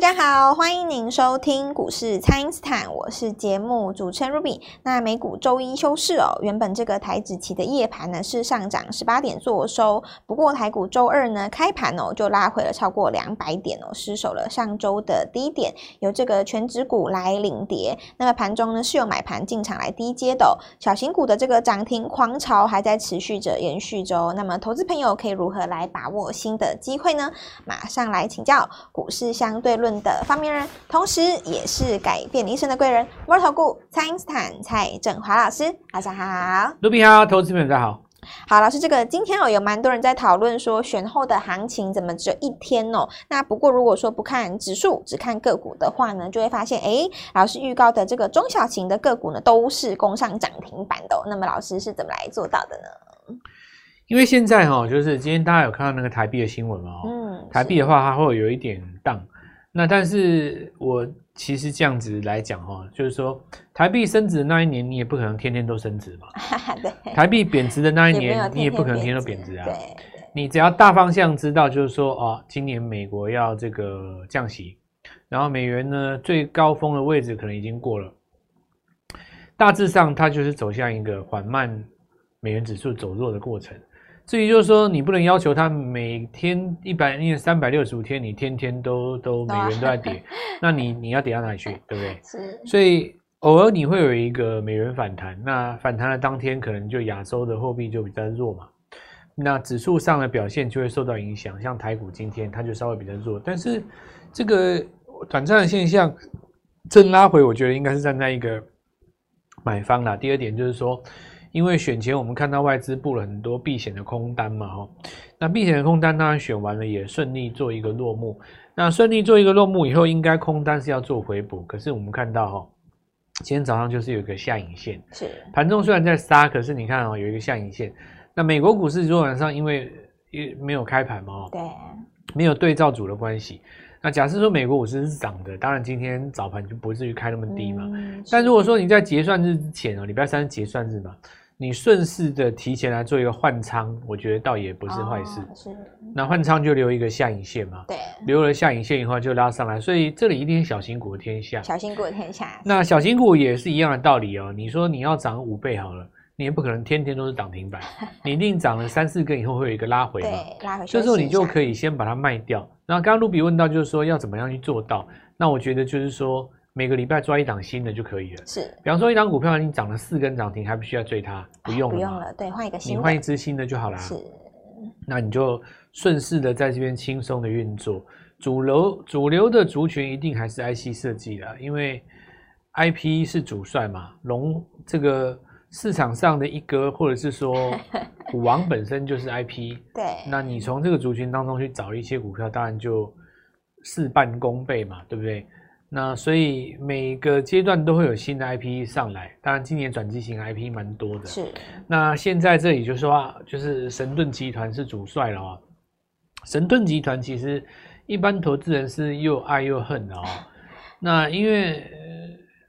大家好，歡迎您收聽股市蔡因斯坦。我是節目主持人 Ruby。那美股周一休市哦，原本這個台指期的夜盤呢是上漲十八點做收，不過台股周二呢開盤哦就拉回了超過兩百點哦，失守了上周的低點，由這個權值股來領跌。那麼、個、盤中呢是有買盤進場來低接的、哦，小型股的這個漲停狂潮還在持續着延續著哦。那麼投資朋友可以如何來把握新的機會呢？馬上來請教股市相對論。論論的發明人，同時也是改變一生的貴人——摩爾投顧，蔡因斯坦，蔡正華老師，大家好，盧比哈，投資朋友大家好。好，老師，這個今天哦，喔，有蠻多人在討論說選後的行情怎麼只有一天哦，喔。那不過如果說不看指數，只看個股的話呢，就會發現，哎，欸，老師預告的這個中小型的個股呢，都是攻上漲停板的，喔。那麼老師是怎麼來做到的呢？因為現在哈、喔，就是今天大家有看到那個台幣的新聞哦，嗯，台幣的話，它會有，有一點漲。那但是，我其實這樣子來講哈，就是說，台幣升值的那一年，你也不可能天天都升值嘛。台幣貶值的那一年，你也不可能天天都貶值啊。你只要大方向知道，就是說，哦，今年美國要這個降息，然後美元呢，最高峰的位置可能已經過了，大致上它就是走向一個緩慢美元指數走弱的過程。至於就是說，你不能要求他每天一百，一年三百六十五天，你天天都都美元都在跌。 那你你要跌到哪裡去，對不對？是。所以偶爾你會有一個美元反彈，那反彈的當天可能就亞洲的貨幣就比較弱嘛，那指數上的表現就會受到影響，像台股今天它就稍微比較弱，但是這個短暫的現象正拉回，我覺得應該是站在一個買方啦。第二點就是說。因為選前我們看到外資布了很多避險的空單嘛、哦，哈，那避險的空單當然選完了也順利做一個落幕，那順利做一個落幕以後，應該空單是要做回補，可是我們看到哈、哦，今天早上就是有一個下影線，是盤中雖然在殺，可是你看啊、哦、有一個下影線，那美國股市昨晚上因為又沒有開盤嘛、哦，對，沒有對照組的關係，那假設說美國股市是漲的，當然今天早盤就不至於開那麼低嘛，嗯、但如果說你在結算日之前哦，禮拜三是結算日嘛。你順勢的提前來做一個換倉，我覺得倒也不是壞事。哦、是，那換倉就留一個下影線嘛。對，留了下影線以後就拉上來，所以這裡一定是小型股的天下。小型股的天下。那小型股也是一樣的道理哦、喔。你說你要漲五倍好了，你也不可能天天都是漲停板， 你一定漲了三四個以後會有一個拉回嘛。對，拉回。這時候你就可以先把它賣掉。那剛剛露比問到，就是說要怎麼樣去做到？那我覺得就是說。每個禮拜抓一檔新的就可以了。是，比方說一檔股票已經漲了四根漲停，還不需要追它？不用了，不用了。對，換一個新，你換一支新的就好啦。是，那你就順勢的在這邊輕鬆的運作。主流主流的族群一定還是 I C 設計的，因為 I P 是主帥嘛，龍這個市場上的一哥，或者是說股王本身就是 I P。 對，那你從這個族群當中去找一些股票，當然就事半功倍嘛，對不對？那所以每個階段都會有新的 IP 上來，當然今年轉機型 IP 蠻多的。是，那現在這裡就是說、啊，就是神盾集團是主帥了哦、喔。神盾集團其實一般投資人是又愛又恨的哦、喔。那因為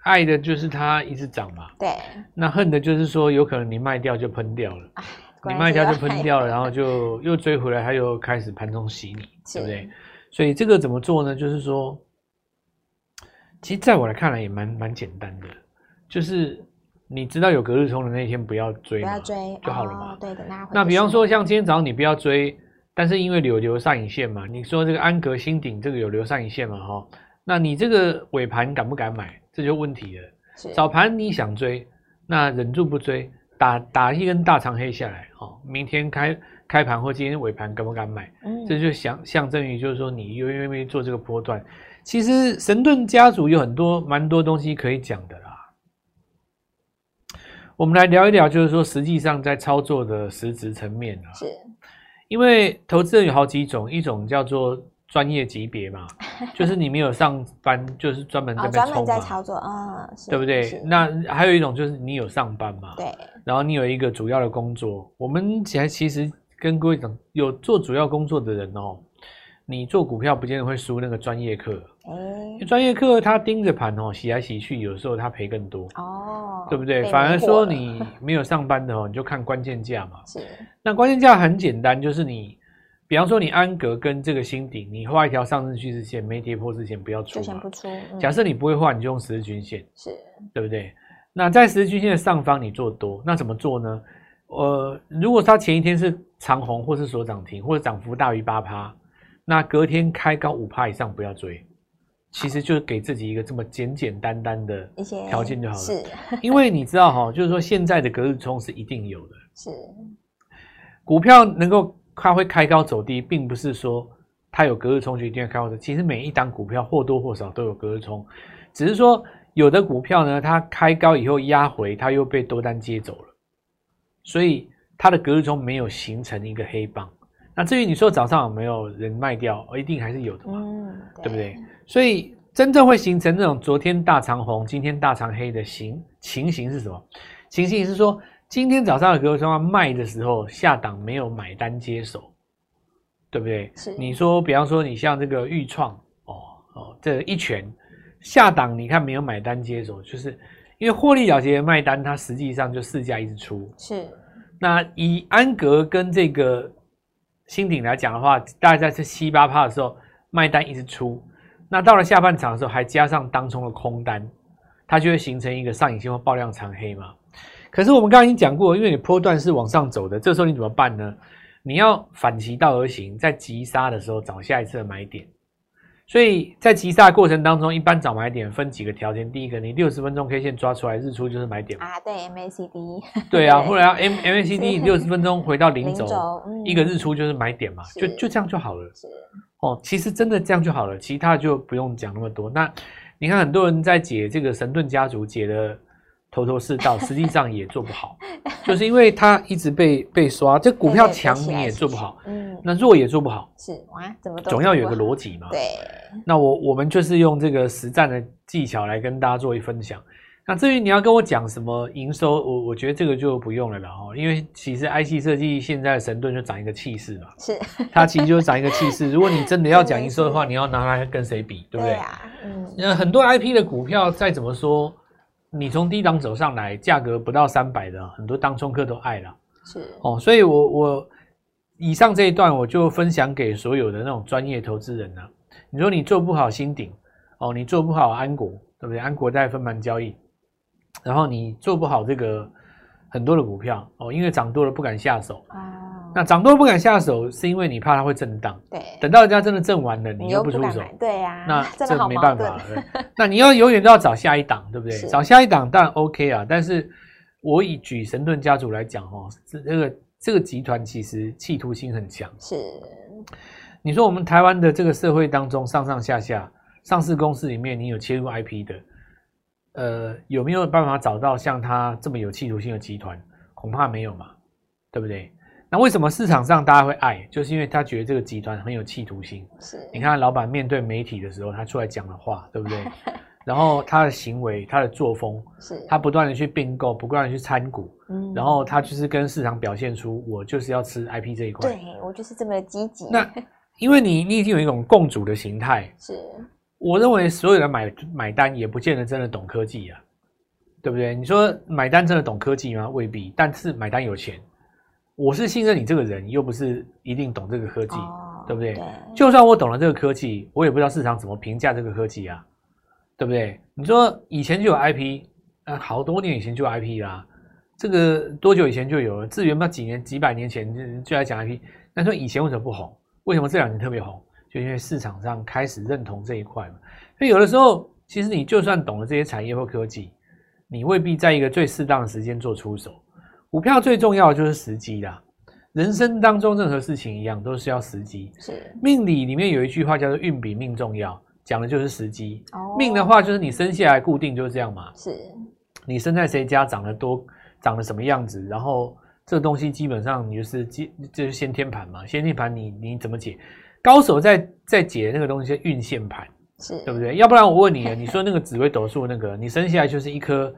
愛的就是它一直漲嘛。對。那恨的就是說，有可能你賣掉就噴掉了，啊、你賣掉就噴掉了，然後就又追回來，它又開始盤中洗你，對不對？所以這個怎麼做呢？就是說。其實，在我來看來，也蠻蠻簡單的，就是你知道有隔日衝的那天不，不要追，不要追就好了嘛。哦、對，那比方說，像今天早上你不要追，但是因為有留，留上影線嘛，你說這個安格新頂這個有留上影線嘛、哦，哈，那你這個尾盤敢不敢買？這就問題了。早盤你想追，那忍住不追，打打一根大長黑下來，哈、哦，明天開開盤或今天尾盤敢不敢買？嗯、這就象象徵於就是說，你願不願意做這個波段。其實神盾家族有很多蠻多東西可以講的啦。我們來聊一聊，就是說實際上在操作的實質層面啊。是，因為投資人有好幾種，一種叫做專業級別嘛， 就是你沒有上班，就是專門在,、哦、專門在操作啊、哦，對不對？那還有一種就是你有上班嘛，對，然後你有一個主要的工作。我們現在其實跟各位講，有做主要工作的人哦。你做股票不見得會輸那個專業課，專、嗯、業課，他盯着盤哦，洗來洗去，有時候他賠更多哦，對不對？反而說你沒有上班的哦，你就看關鍵價嘛。是，那關鍵價很簡單，就是你比方說你安格跟這個新鼎，你畫一條上升趨勢線，沒跌破之前不要出嘛，不不出、嗯。假設你不會畫，你就用十日均線，是，對不對？那在十日均線的上方你做多，那怎麼做呢？呃，如果它前一天是長紅或是長，或是所漲停，或者漲幅大於八趴。那隔天開高五趴以上不要追，其實就是給自己一個這麼簡簡單單的條件就好了。是，是 因為你知道哈、哦，就是說現在的隔日衝是一定有的。是，股票能夠它會開高走低，並不是說它有隔日衝就一定要開高走低。其實每一檔股票或多或少都有隔日衝，只是說有的股票呢，它開高以後壓回，它又被多單接走了，所以它的隔日衝沒有形成一個黑棒。那至於你說早上有沒有人賣掉，一定還是有的嘛，嗯，對，對不對？所以真正會形成這種昨天大長紅，今天大長黑的形情形是什麼？情形是說，嗯、今天早上的股票，它賣的時候下檔沒有買單接手，對不對？是。你說，比方說，你像這個豫創，哦哦，這一拳下檔，你看沒有買單接手，就是因為獲利了結賣單，它實際上就市價一直出。是。那以安格跟這個。新頂來講的話，大概在這七八趴的時候賣單一直出，那到了下半場的時候還加上當沖的空單，它就會形成一個上影線或爆量長黑嘛。可是我們剛剛已經講過，因為你波段是往上走的，這時候你怎麼辦呢？你要反其道而行，在急殺的時候找下一次的買點。所以在急殺過程當中，一般找買點分幾個條件。第一個，你六十分鐘 K 線抓出來日出就是買點嘛啊。對，MACD。對啊，對或者要 M MACD 六十分鐘回到零軸，嗯。一個日出就是買點嘛，就就這樣就好了。哦，其實真的這樣就好了，其他的就不用講那麼多。那你看，很多人在解這個神盾家族解的。頭頭是道，實際上也做不好， 就是因為它一直被被刷。這股票強你也做，對對也做不好，嗯，那弱也做不好。是哇，怎麼總要有個邏輯嘛？對。對，那我我們就是用這個實戰的技巧來跟大家做一分享。那至於你要跟我講什麼營收，我我覺得這個就不用了，了，哦，然後因為其實 I C 設計現在神盾就漲一個氣勢嘛，是 它其實就漲一個氣勢。如果你真的要講營收的話，你要拿來跟誰比，對不對，對，對啊？嗯，那、嗯、很多 I P 的股票再怎麼說。你從低檔走上來，價格不到三百的，很多當沖客都愛了，是哦。所以我，我我以上這一段我就分享給所有的那種專業投資人呢。你說你做不好新鼎哦，你做不好安國，對不對？安國在分盤交易，然後你做不好這個很多的股票哦，因為漲多了不敢下手。嗯那漲多不敢下手，是因為你怕它會震盪。對，等到人家真的震完了，你又不出手。對呀，啊，那這個，沒辦法了。那你要永遠都要找下一檔，對不對？找下一檔當然 OK 啊，但是我以舉神盾家族來講，哦，這個這個集團其實企圖心很強。是，你說我們台灣的這個社會當中，上上下下上市公司裡面，你有切入 IP 的，呃，有沒有辦法找到像他這麼有企圖心的集團？恐怕沒有嘛，對不對？那為什麼市場上大家會愛？就是因為他覺得這個集團很有企圖心。是，你看老闆面對媒體的時候，他出來講的話，對不對？然後他的行為，他的作風，是，他不斷的去併購，不斷的去參股，嗯，然後他就是跟市場表現出我就是要吃 IP 這一塊。對，我就是這麼積極。那因為你，你已經有一種共主的形態。是，我認為所有的買買單也不見得真的懂科技啊，對不對？你說買單真的懂科技嗎？未必，但是買單有錢。我是信任你這個人，又不是一定懂這個科技，oh, 對不對，對？就算我懂了這個科技，我也不知道市場怎麼評價這個科技啊，對不對？你說以前就有 IP，啊好多年以前就有 IP 啦，這個多久以前就有了？自元吧，幾年、幾百年前就就講 IP，但是以前為什麼不紅？為什麼這兩年特別紅？就因為市場上開始認同這一塊嘛。所以有的時候，其實你就算懂了這些產業或科技，你未必在一個最適當的時間做出手。股票最重要的就是時機啦，人生當中任何事情一樣都是要時機。是命理裡面有一句話叫做“運比命重要”，講的就是時機，哦。命的話就是你生下來固定就是這樣嘛，是。你生在誰家長得多，長得什麼樣子，然後這東西基本上你就是基，就是先天盤嘛。先天盤你你怎麼解？高手在在解那個東西叫運線盤，是對不對？要不然我問你，你說那個紫微斗數那個， 你生下來就是一顆。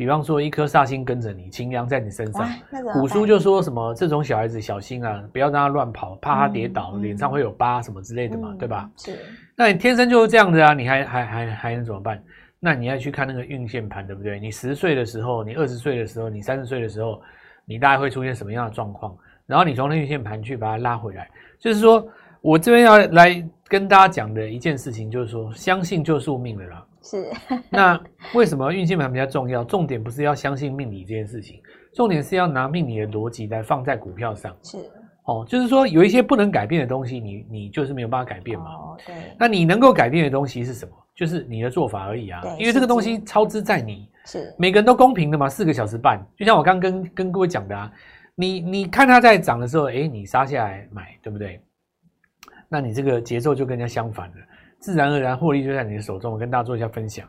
比方說，一顆煞星跟着你，擎羊在你身上，古、啊、書、那個、就說什麼這種小孩子小心啊，不要讓他亂跑，怕他跌倒，嗯、臉上會有疤什麼之類的嘛、嗯，對吧？是，那你天生就是這樣子啊，你還還還還能怎麼辦？那你要去看那個運線盤，對不對？你,十歲,你十歲的時候，你二十歲的時候，你三十歲的時候，你大概會出現什麼樣的狀況？然後你從那運線盤去把它拉回來，就是說我這邊要來跟大家講的一件事情，就是說，相信就宿命了啦。是， 那為什麼運氣盤比較重要？重點不是要相信命理這件事情，重點是要拿命理的邏輯來放在股票上。是，哦，就是說有一些不能改變的東西你，你你就是沒有辦法改變嘛。哦，對。那你能夠改變的東西是什麼？就是你的做法而已啊。對。因為這個東西操之在你。是。每個人都公平的嘛，四個小時半，就像我剛跟跟各位講的啊，你你看它在漲的時候，哎、欸，你殺下來買，對不對？那你這個節奏就跟人家相反了。自然而然，獲利就在你的手中。我跟大家做一下分享。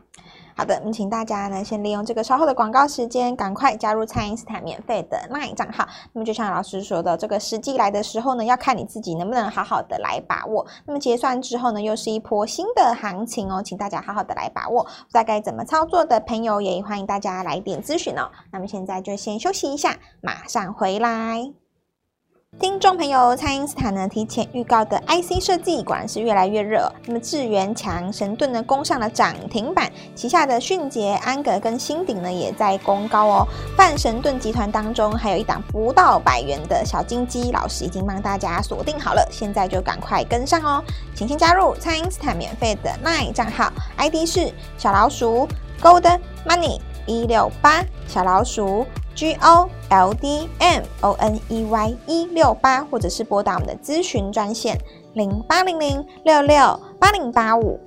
好的，那麼請大家呢，先利用這個稍後的廣告時間，趕快加入蔡因斯坦免費的 LINE 賬號。那麼就像老師說的，這個時機來的時候呢，要看你自己能不能好好的來把握。那麼結算之後呢，又是一波新的行情哦、喔，請大家好好的來把握。大概怎麼操作的朋友，也歡迎大家來電諮詢哦。那麼現在就先休息一下，馬上回來。聽眾朋友，蔡因斯坦呢提前預告的 IC 設計，果然是越來越熱、哦。那麼智元強神盾呢攻上了漲停板，旗下的迅捷、安格跟新鼎呢也在攻高哦。泛神盾集團當中還有一檔不到百元的小金雞，老師已經幫大家鎖定好了，現在就趕快跟上哦！請先加入蔡因斯坦免費的 LINE 賬號，ID 是小老鼠 Gold Money 一六八小老鼠。G O L D M O N E Y 一六八，或者是撥打我們的諮詢專線零八零零六六八零八五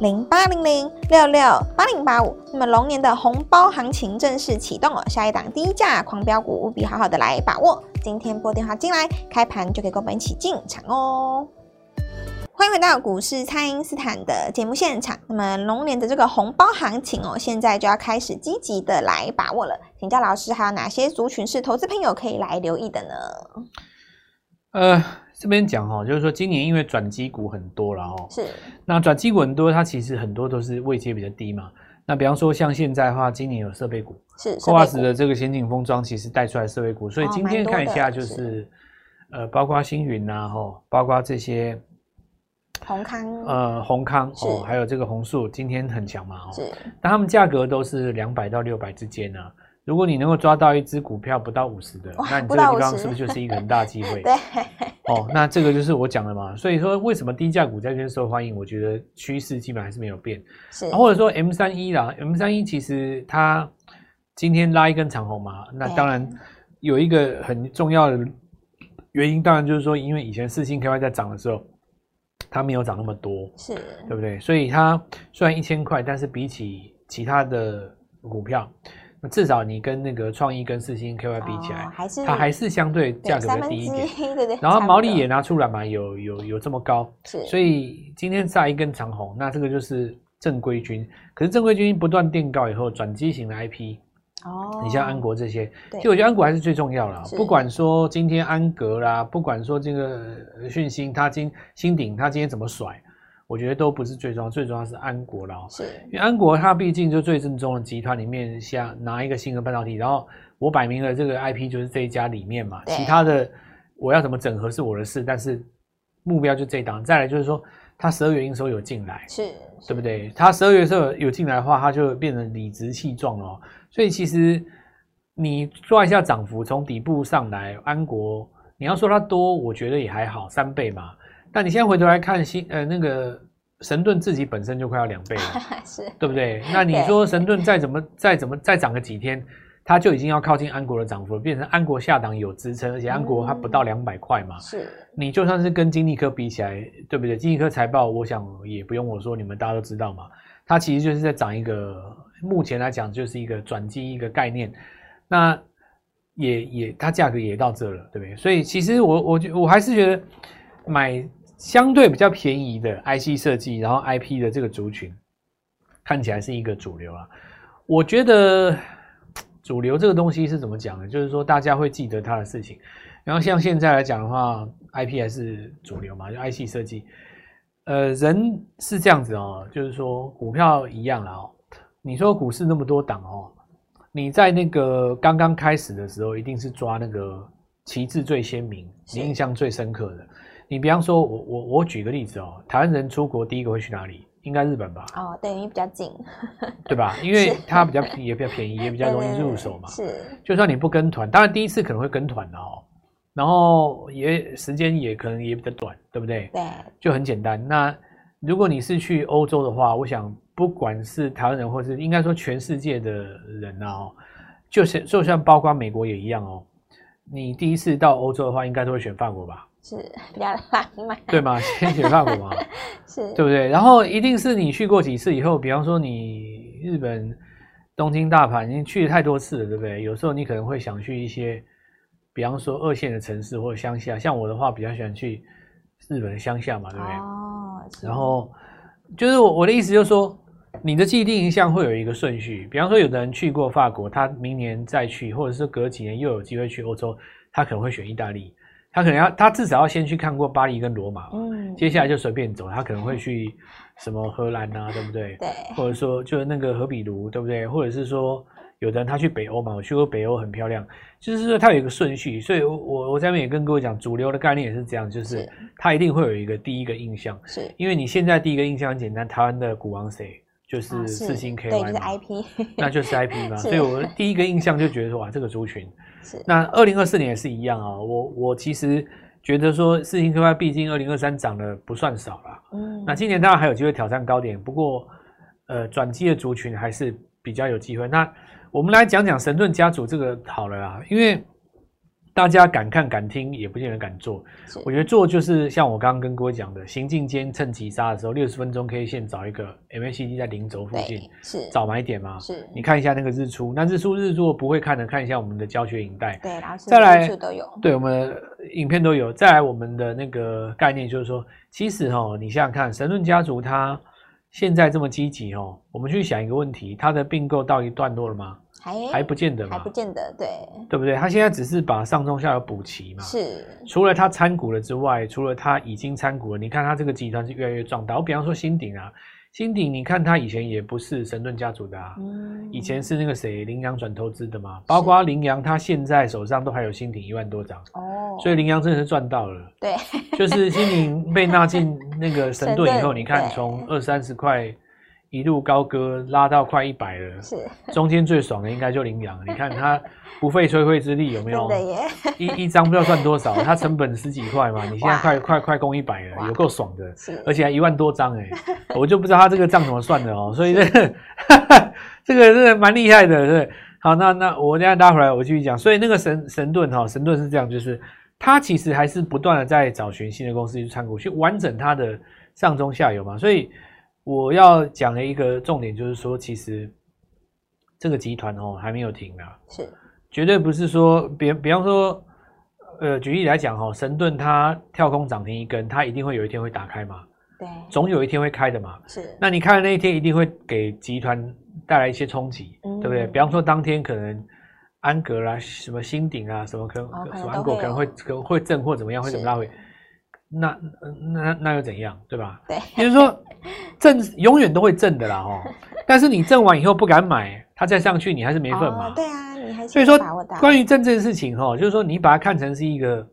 零八零零六六八零八五。那麼龍年的紅包行情正式啟動了，下一檔低價狂飆股務必好好的來把握。今天撥電話進來，開盤就可以跟我們一起進場哦。歡迎回到股市蔡因斯坦的節目現場。那麼，龍年的這個紅包行情哦，現在就要開始積極的來把握了。請教老師，還有哪些族群是投資朋友可以來留意的呢？呃，這邊講哈、哦，就是說今年因為轉機股很多、哦，然後是那轉機股很多，它其實很多都是位階比較低嘛。那比方說，像現在的話，今年有設備股，是 COAS 的這個先進封裝，其實帶出來設備股。所以今天看一下，就是，是呃，包括星雲吶、啊，哈、哦，包括這些。宏康呃，宏康哦，還有這個宏樹，今天很強嘛哦。是。但他們價格都是兩百到六百之間呢、啊。如果你能夠抓到一隻股票不到五十的，那你這個地方是不是就是一個很大機會？ 對。哦，那這個就是我講的嘛。所以說，為什麼低價股在這邊受歡迎？我覺得趨勢基本還是沒有變。是。啊、或者說，M 三一啦，M 三一其實它今天拉一根長紅嘛。那當然有一個很重要的原因，當然就是說，因為以前四星 KY 在漲的時候。它沒有漲那麼多，是對不對？所以它雖然一千塊，但是比起其他的股票，那至少你跟那個創意跟世芯 KY 比起來，哦、還是，它還是相對價格會低一點一對對對，然後毛利也拿出來嘛，有有有這麼高，所以今天砸一根長紅，那這個就是正規軍。可是正規軍不斷墊高以後，轉機型的 IP。哦，你像安國這些，就我覺得安國還是最重要啦。不管說今天安格啦，不管說這個訊芯，它今新鼎它今天怎麼甩，我覺得都不是最重要。最重要是安國啦，是。因為安國它畢竟就最正宗的集團裡面，像拿一個新的半導體，然後我擺明了這個 IP 就是這一家裡面嘛，其他的我要怎麼整合是我的事，但是目標就這一檔。再來就是說，它十二月的時候有進來，是，對不對？它十二月時候有進來的話，它就變得理直氣壯了。所以其實你抓一下漲幅，從底部上來，安國，你要說它多，我覺得也還好，三倍嘛。但你現在回頭來看，新呃那個神盾自己本身就快要兩倍了， 是，對不對？那你說神盾再怎麼再怎麼再漲個幾天，它就已經要靠近安國的漲幅了，變成安國下檔有支撐，而且安國它不到兩百塊嘛，嗯，是。你就算是跟金麗科比起來，對不對？金麗科財報，我想也不用我說，你們大家都知道嘛。它其實就是在漲一個，目前來講就是一個轉機一個概念，那也也它價格也到這了，對不對？所以其實我我覺我還是覺得買相對比較便宜的 IC 設計，然後 IP 的這個族群看起來是一個主流啊。我覺得主流這個東西是怎麼講呢？就是說大家會記得它的事情，然後像現在來講的話，IP 還是主流嘛，就 IC 設計。呃，人是這樣子哦，就是說股票一樣了哦。你說股市那麼多檔哦，你在那個剛剛開始的時候，一定是抓那個旗幟最鮮明、你印象最深刻的。你比方說我我我舉個例子哦，台灣人出國第一個會去哪裡？應該日本吧？哦，等於比較近， 對吧？因為它比較也比較便宜，也比較容易入手嘛，對對。是，就算你不跟團，當然第一次可能會跟團的哦。然後也時間也可能也比較短，對不對？對，就很簡單。那如果你是去歐洲的話，我想不管是台灣人或是應該說全世界的人吶、啊，哦，就是就像包括美國也一樣哦。你第一次到歐洲的話，應該都會選法國吧？是比較浪漫，對嗎？先選法國嘛？ 是，對不對？然後一定是你去過幾次以後，比方說你日本東京大阪已經去了太多次了，對不對？有時候你可能會想去一些。比方說二線的城市或者鄉下，像我的話比較喜歡去日本的鄉下嘛，對不對？哦，然後就是我我的意思就是說，你的既定印象會有一個順序。比方說，有的人去過法國，他明年再去，或者是隔幾年又有機會去歐洲，他可能會選意大利。他可能要他至少要先去看過巴黎跟羅馬，嗯，接下來就隨便走，他可能會去什麼荷蘭啊，對不對？對，或者說就是那個荷比盧，對不對？或者是說。有的人他去北歐嘛，我去過北歐，很漂亮。就是說他有一個順序，所以我我下面也跟各位講，主流的概念也是這樣，就是他一定會有一個第一個印象。是，因為你現在第一個印象很簡單，台灣的股王誰？就是世芯 K Y，哦是，就是 IP，那就是 IP 嘛是。所以我第一個印象就覺得說，哇，這個族群。是。那二零二四年也是一樣啊、哦，我我其實覺得說世芯 K Y 畢竟二零二三漲得不算少啦。嗯。那今年當然還有機會挑戰高點，不過呃，轉機的族群還是比較有機會。那我們來講講神盾家族這個好了啦，因為大家敢看敢聽，也不見得敢做。我覺得做就是像我剛剛跟各位講的，行進間趁急殺的時候，六十分鐘可以先找一個 MACD 在零軸附近，是找買點嘛。是，你看一下那個日出，那日出日落不會看的，看一下我們的教學影帶。對，老師，再來都有。對，我們的影片都有。再來，我們的那個概念就是說，其實哈、哦，你想想看神盾家族它。現在這麼積極哦，我們去想一個問題，它的併購到一段落了嗎？還不見得嗎？還不見得，對對不對？他現在只是把上中下游補齊嘛，是。除了他參股了之外，除了他已經參股了，你看他這個集團是越來越壯大。我比方說新鼎啊。芯鼎，你看他以前也不是神盾家族的啊，嗯、以前是那個誰凌陽轉投資的嘛，包括凌陽，他現在手上都還有芯鼎一萬多張哦，所以凌陽真的是賺到了，對，就是芯鼎被納進那個神盾以後，你看從二三十塊。一路高歌，拉到快一百了。是，中間最爽的應該就凌陽，你看他不費吹灰之力，有沒有？對的耶。一一張不知道算多少，他成本十幾塊嘛。你現在快快快攻一百了，有夠爽的。是。而且還一萬多張誒、欸、我就不知道他這個賬怎麼算的哦、喔。所以這個 這個蠻厲害的，對。好，那那我現在拉回來，我繼續講。所以那個神神盾哈、喔，神盾是這樣，就是他其實還是不斷的在找尋新的公司去參股，去完整他的上中下游嘛。所以。我要講的一個重點就是說，其實這個集團哦、喔、還沒有停啊是，是絕對不是說，比比方說，呃，舉例來講哦、喔，神盾它跳空漲停一根，它一定會有一天會打開嘛？對，總有一天會開的嘛？是。那你看那一天一定會給集團帶來一些衝擊、嗯，對不對？比方說當天可能安格啦、什麼新鼎啊、什麼可能、哦，什麼安格可，可能會會震或怎麼樣，會怎麼拉回？那那，那，那又怎樣？對吧？對，比如說。 震，永遠都會震的啦齁，吼！ 但是你震完以後不敢買，它再上去你還是沒份嘛。哦、對啊，你還是。所、就、以、是、說，關於震這件事情，吼，就是說你把它看成是一個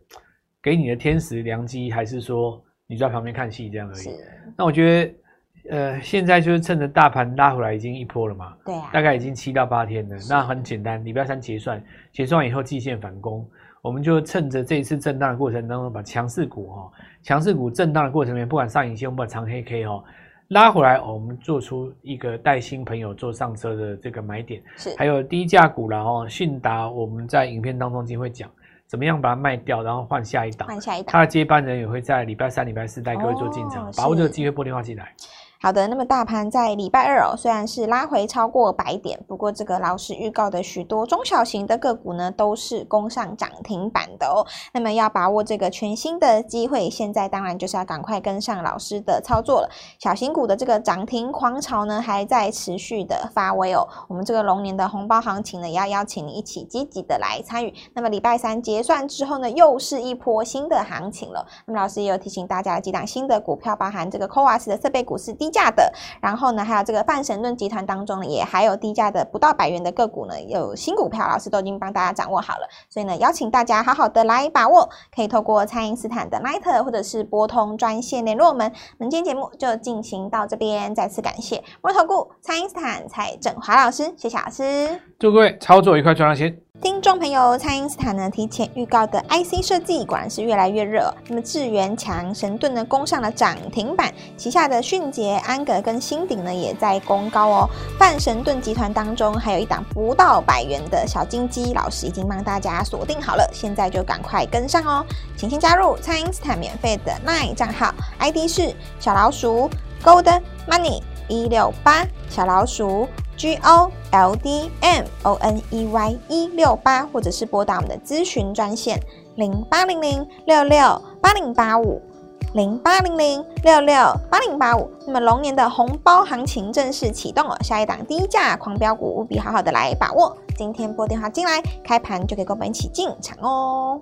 給你的天時良機，還是說你就在旁邊看戲這樣而已？那我覺得，呃，現在就是趁着大盤拉回來已經一波了嘛，對啊，大概已經七到八天了。那很簡單，禮拜三結算，結算完以後季線反攻，我們就趁着這一次震盪的過程當中把強勢，把強勢股哈，強勢股震盪的過程裡面，不管上影線，我們把長黑 K 哦。拉回來，哦，我們做出一個帶新朋友坐上車的這個買點，是還有低價股啦，哦。迅達，我們在影片當中就會講，怎麼樣把它賣掉，然後換下一檔。換下一檔，他的接班人也會在禮拜三、禮拜四帶各位做進場，哦，把握這個機會，撥電話進來。好的，那麼大盤在禮拜二哦，雖然是拉回超過百點，不過這個老師預告的許多中小型的個股呢，都是攻上漲停板的哦。那麼要把握這個全新的機會，現在當然就是要趕快跟上老師的操作了。小型股的這個漲停狂潮呢，還在持續的發威哦。我們這個龍年的紅包行情呢，也要邀請你一起積極的來參與。那麼禮拜三結算之後呢，又是一波新的行情了。那麼老師也有提醒大家，幾檔新的股票，包含這個 CoWoS 的設備股是第。低價的，然後呢，還有這個泛神盾集團當中呢，也還有低價的不到百元的個股呢，有新股票，老師都已經幫大家掌握好了，所以呢，邀請大家好好的來把握，可以透過蔡因斯坦的 LINE 或者是撥通專線聯絡我們。今天節目就進行到這邊，再次感謝摩爾投顧，蔡因斯坦蔡正華老師，謝謝老師，祝各位操作愉快專線，賺到錢。聽眾朋友，蔡因斯坦呢提前預告的 IC 設計，果然是越來越熱哦。那麼智原強神盾呢攻上了漲停板，旗下的迅杰、安格跟新鼎呢也在攻高哦。泛神盾集團當中還有一檔不到百元的小金雞，老師已經幫大家鎖定好了，現在就趕快跟上哦！請先加入蔡因斯坦免費的 LINE 賬號，ID 是小老鼠 Gold Money 一六八小老鼠。G O L D M O N E Y 一六八，或者是撥打我們的諮詢專線零八零零六六八零八五零八零零六六八零八五。那麼龍年的紅包行情正式啟動了，下一檔低價狂飆股務必好好的來把握。今天撥電話進來，開盤就可以跟我們一起進場哦。